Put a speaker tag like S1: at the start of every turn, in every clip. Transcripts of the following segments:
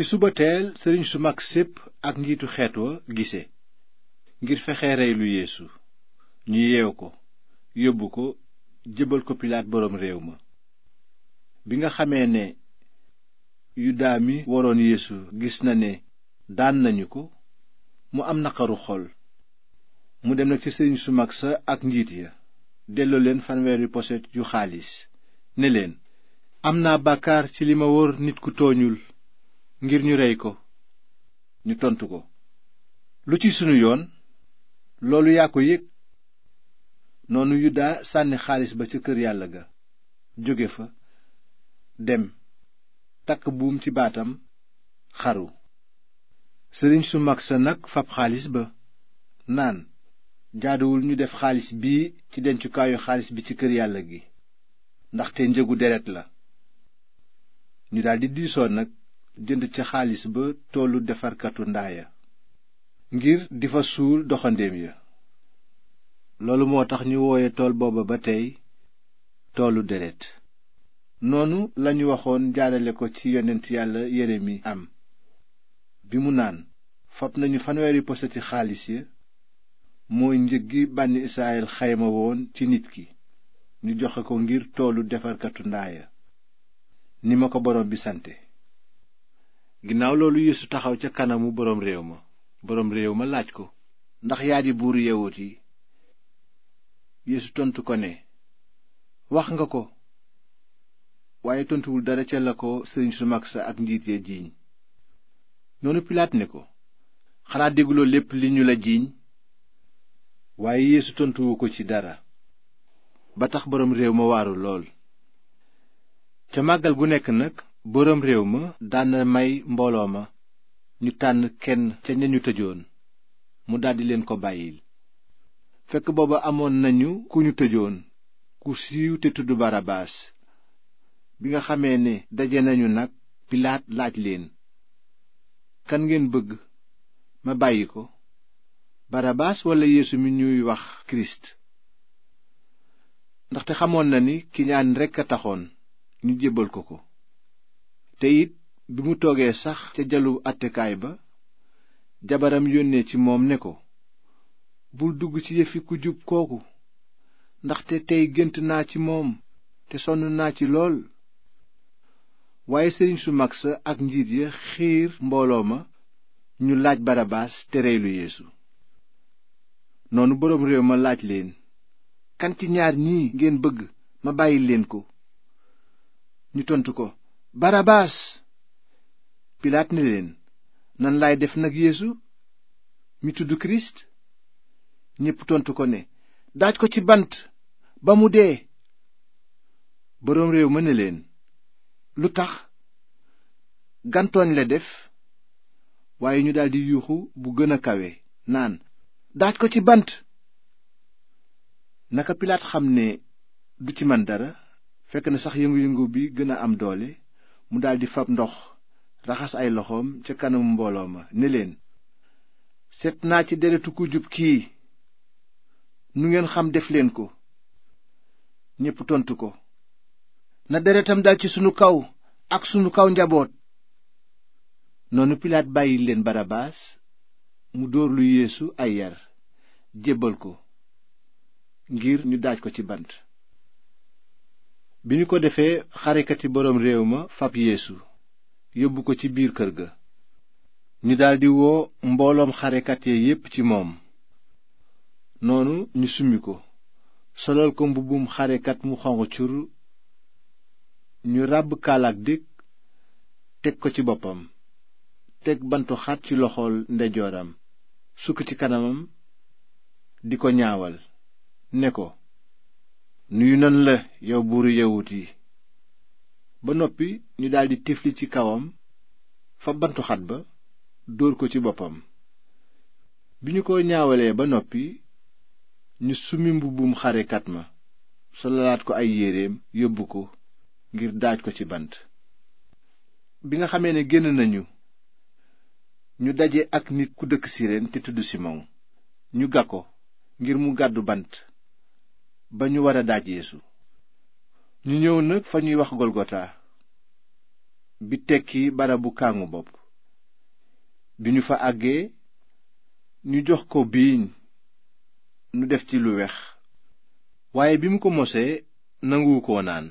S1: ci suba teel sëriñ su mag sépp ak njiitu xeet wa gise ngir fexe rey lu yeesu ñu yeew ko yóbbu ko jëbal ko pilaat boroom réew ma bi nga xamee ne yudaa mi waroon yéesu gis na ne daan nañu ko mu am naqaru xol mu dem nag ci sëriñ su mag sa ak njiit ya delloo leen fanweeri poset yu xaalis ne leen am naa bàkkaar ci li ma wóor nit ku tooñul ngir ñu rey ko ñu tontu ko lu ci sunu yoon loolu yaa ko yëg noonu yudaa sànni xaalis ba ca kër yàlla ga jóge fa dem takk buum ci baatam xaru sëriñ su mag sa nag fab xaalis ba naan jaaduwul ñu def xaalis bi ci dencukaayu xaalis bi ci kër yàlla gi ndaxte njëgu deret la ñu daldi diisoo nag jënd ca xaalis ba toolu defarkatu ndaaya ngir di fa suul doxandeem ya loolu moo tax ñu wooye tool booba ba tey toolu deret noonu lañu waxoon jaarale ko ci yonent yàlla yeremi am bi mu naan fab nañu fanweeri posati xaalis ya mooy njëg gi bànni israel xayma woon ci nit ki ñu joxe ko ngir toolu defarkatu ndaaya ni ma ko borom bi sante ginnaaw loolu yeesu taxaw ca kanamu boroom réew ma boroom réew ma laaj ko ndax yaa di buuru yawut yi yeesu tontu ko ne wax nga ko waaye tontuwul dara ca la ko sëriñ su mag sa ak njiit ya jiiñ noonu pilaat ne ko xanaa dégguloo lépp li ñu la jiiñ waaye yeesu tontuwu ko ci dara ba tax boroom réew ma waaru lool ca màggal gu nekk nag boroom réew ma daan may mbooloo ma ñu tànn kenn ca ña ñu tëjoon mu daldi leen ko bàyyil fekk booba amoon nañu ku ñu tëjoon ku siiw te tudd barabaas bi nga xamee ni daje nañu nag pilaat laaj leen kan ngeen bëgg ma bàyyi ko barabaas walla yeesu mi ñuy wax kirist ndaxte xamoon na ni kiñaan rekk a taxoon ñu jébbal ko ko te it bi mu toogee sax ca jalu attekaay ba jabaram yónnee ci moom ne ko bul dugg ci yëfi ku jub kooku ndaxte tey gént naa ci moom te sonn naa ci lool waaye sëriñ su mag sa ak njiit ya xiir mbooloo ma ñu laaj barabaas te reylu yeesu noonu boroom réew ma laaj leen kan ñaar ñii ngeen bëgg ma bàyyi leen ko ñu tontu ko barabaas pilaat ne leen nan laay def nag yéesu mi tudd kirist ñépp tontu ko ne daaj ko ci bant ba mu dee boroom réew ma ne leen lu tax gantooñ la def waaye ñu daldi yuuxu bu gën a kawe naan daaj ko ci bant naka pilaat xam ne du ci man dara fekk na sax yëngu-yëngu bi gën a am doole mu daldi fab ndox raxas ay loxoom ca kanamu mbooloo ma ni leen set naa ci deretu ku jub kii nu ngeen xam def leen ko ñépp tontu ko na deretam dal ci sunu kaw ak sunu kaw njaboot noonu pilaat bàyyi leen barabaas mu dóor lu yéesu ay yar jébbal ko ngir ñu daaj ko ci bant bi ñu ko defee xarekati boroom réew ma fab yeesu yóbbu ko ci biir kër ga ñu daldi woo mbooloom xarekat ya yépp ci moom noonu ñu summi ko solal ko mbubbum xarekat mu xonq cur ñu ràbb kaalaak dég teg ko ci boppam teg bantu xat ci loxool ndeyjooram sukk ci kanamam di ko ñaawal ne ko nuyu nan la yow buuru yawut yi ba noppi ñu daldi tifli ci kawam fa bantu xat ba dóor ko ci boppam bi ñu ko ñaawalee ba noppi ñu summi mbubbum xarekat ma solalaat ko ay yéreem yóbbu ko ngir daaj ko ci bant bi nga xamee ne génn nañu ñu daje ak nit ku dëkk sireen te tudd simon ñu ga ko ngir mu gàddu bant ba ñu war a daaj yeesu ñu ñëw nag fa ñuy wax golgota bi tekki barabu kàngu bopp bi ñu fa àggee ñu jox ko biiñ nu def ci lu wex waaye bi mu ko mosee nanguwu ko naan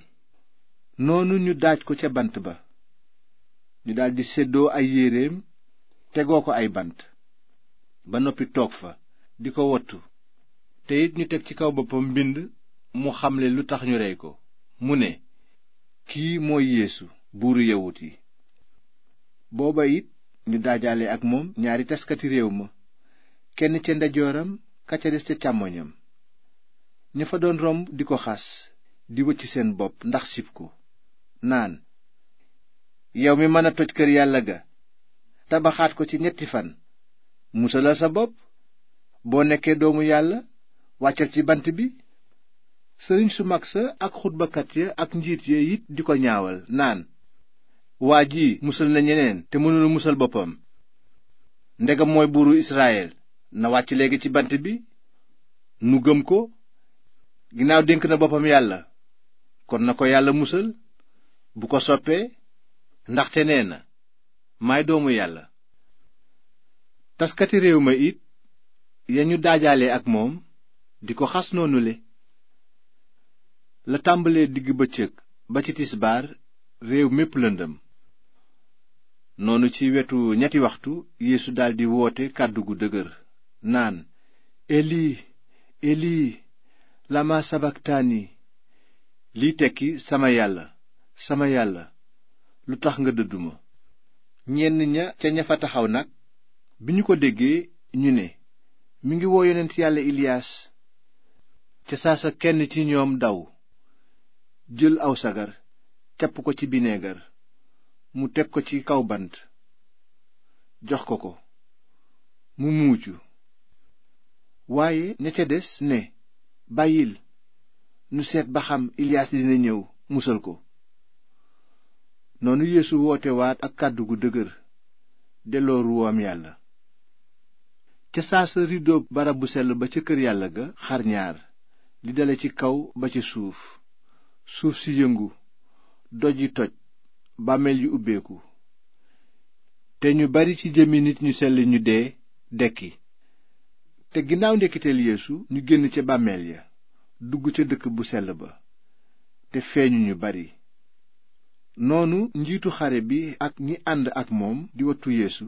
S1: noonu ñu daaj ko ca bant ba ñu daldi séddoo ay yéreem tegoo ko ay bant ba noppi toog fa di ko wottu te ñu teg ci kaw boppam mbind mu xamle lu tax ñu rey ko mu ne kii mooy yéesu buur yawut yi booba it ñu daajaale ak moom ñaari taskati réew ma kenn ca ndeyjooram ka ca des càmmoñam ña fa doon romb di ko xas di wëcc seen bopp ndax sib ko naan yow mi mën a toj kër yàlla ga tabaxaat ko ci ñetti fan musalal sa bopp boo nekkee doomu yàlla wàccal ci bant bi sëriñ su mag sa ak xutbakat ya ak njiit ya it di ko ñaawal naan waa ji musal na ñeneen te mënul musal boppam ndegam mooy buuru Israyel na wàcc léegi ci bant bi nu gëm ko ginnaaw dénk na boppam yàlla kon na ko yàlla musal bu ko soppee ndaxte nee na may doomu yàlla taskati réew ma ñu daajaale ak moom di ko xas noonule la tàmbalee digg bëccëg ba ci tisbaar réew mépp lëndëm noonu ci wetu ñetti waxtu yéesu daldi woote kàddu gu dëgër naan eli eli lama sabaktaani liy tekki sama yàlla sama yàlla lu tax nga dëdduma ñenn ña ca ña fa taxaw nag bi ñu ko déggee ñu ne mu ngi woo yonent yàlla iliyaas ca saasa kenn ci ñoom daw jël aw sagar capp ko ci bineegar mu teg ko ci kaw bant jox ko ko mu muucu waaye ña ca des ne bàyyil nu seet ba xam Iliyaas dina ñëw musal ko noonu yéesu wootewaat ak kàddu gu dëgër delloo ruwaam yàlla ca saasa riddoob barab bu sell ba ca kër yàlla ga xar ñaar li dale ci kaw ba ci suuf suuf si yëngu doj yi toj bàmmeel yu ubbeeku te ñu bari ci jëmmi nit ñu sell ñu dee dekki te ginnaaw ndekkiteel yéesu ñu génn ca bàmmeel ya dugg ca dëkk bu sell ba te feeñu ñu bari noonu njiitu xare bi ak ñi ànd ak moom di wattu yéesu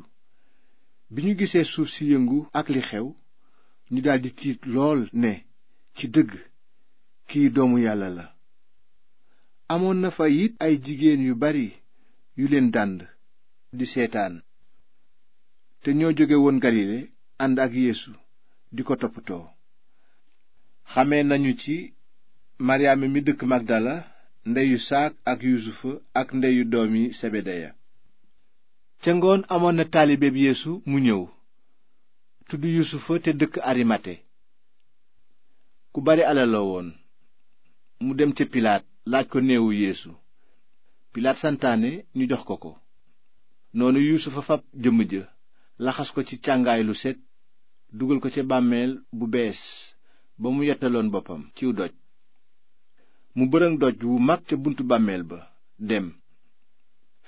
S1: bi ñu gisee suuf si yëngu ak li xew ñu daldi tiit lool ne ci dëgg kii doomu yàlla la amoon na fa it ay jigéen yu bari yu leen dànd di seetaan te ñoo jóge woon galile ànd ak yeesu di ko toppatoo xamee nañu ci maryaama mi dëkk magdala ndeyu saak ak yusufa ak ndeyu doomi sebedeya ca ngoon amoon na taalibeeb yeesu mu ñëw tudd yusufa te dëkk arimate ku bari alal woon mu dem ca pilaat laaj ko néewu yeesu pilaat santaane ñu jox ko ko noonu yuusufa fab jëmm ja laxas ko ci càngaay lu set dugal ko ca bàmmeel bu bees ba mu yettaloon boppam ciw doj mu bërëng doj wu mag ca buntu bàmmeel ba dem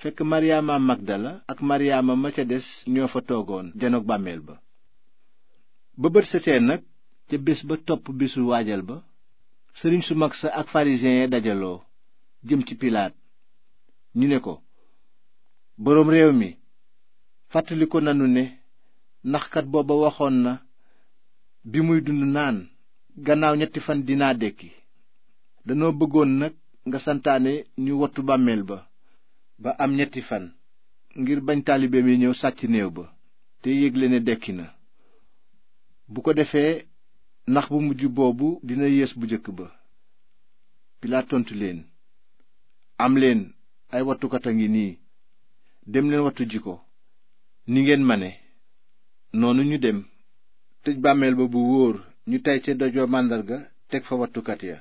S1: fekk maryaama magdala ak maryaama ma ca des ñoo fa toogoon janoog bàmmeel ba nag ca bés ba topp bésu waajal ba sëriñ su mag sa ak farisiyen ya dajaloo jëm ci pilaat ñu ne ko boroom réew mi fàttaliku nanu ne ndaxkat booba waxoon na bi muy dund naan gannaaw ñetti fan dinaa dekki danoo bëggoon nag nga santaane ñu wottu bàmmeel ba ba am ñetti fan ngir bañ taalibeem yi ñëw sàcc néew ba te yégle ne dekki na bu ko defee ndax bu mujj boobu dina yées bu jëkk ba pilaat tontu leen am leen ay wattukat a ngi nii demleen wattu ji ko ni ngeen ma ne noonu ñu dem tëj bàmmeel ba bu wóor ñu tey ca doj wa màndarga teg fa wattukat ya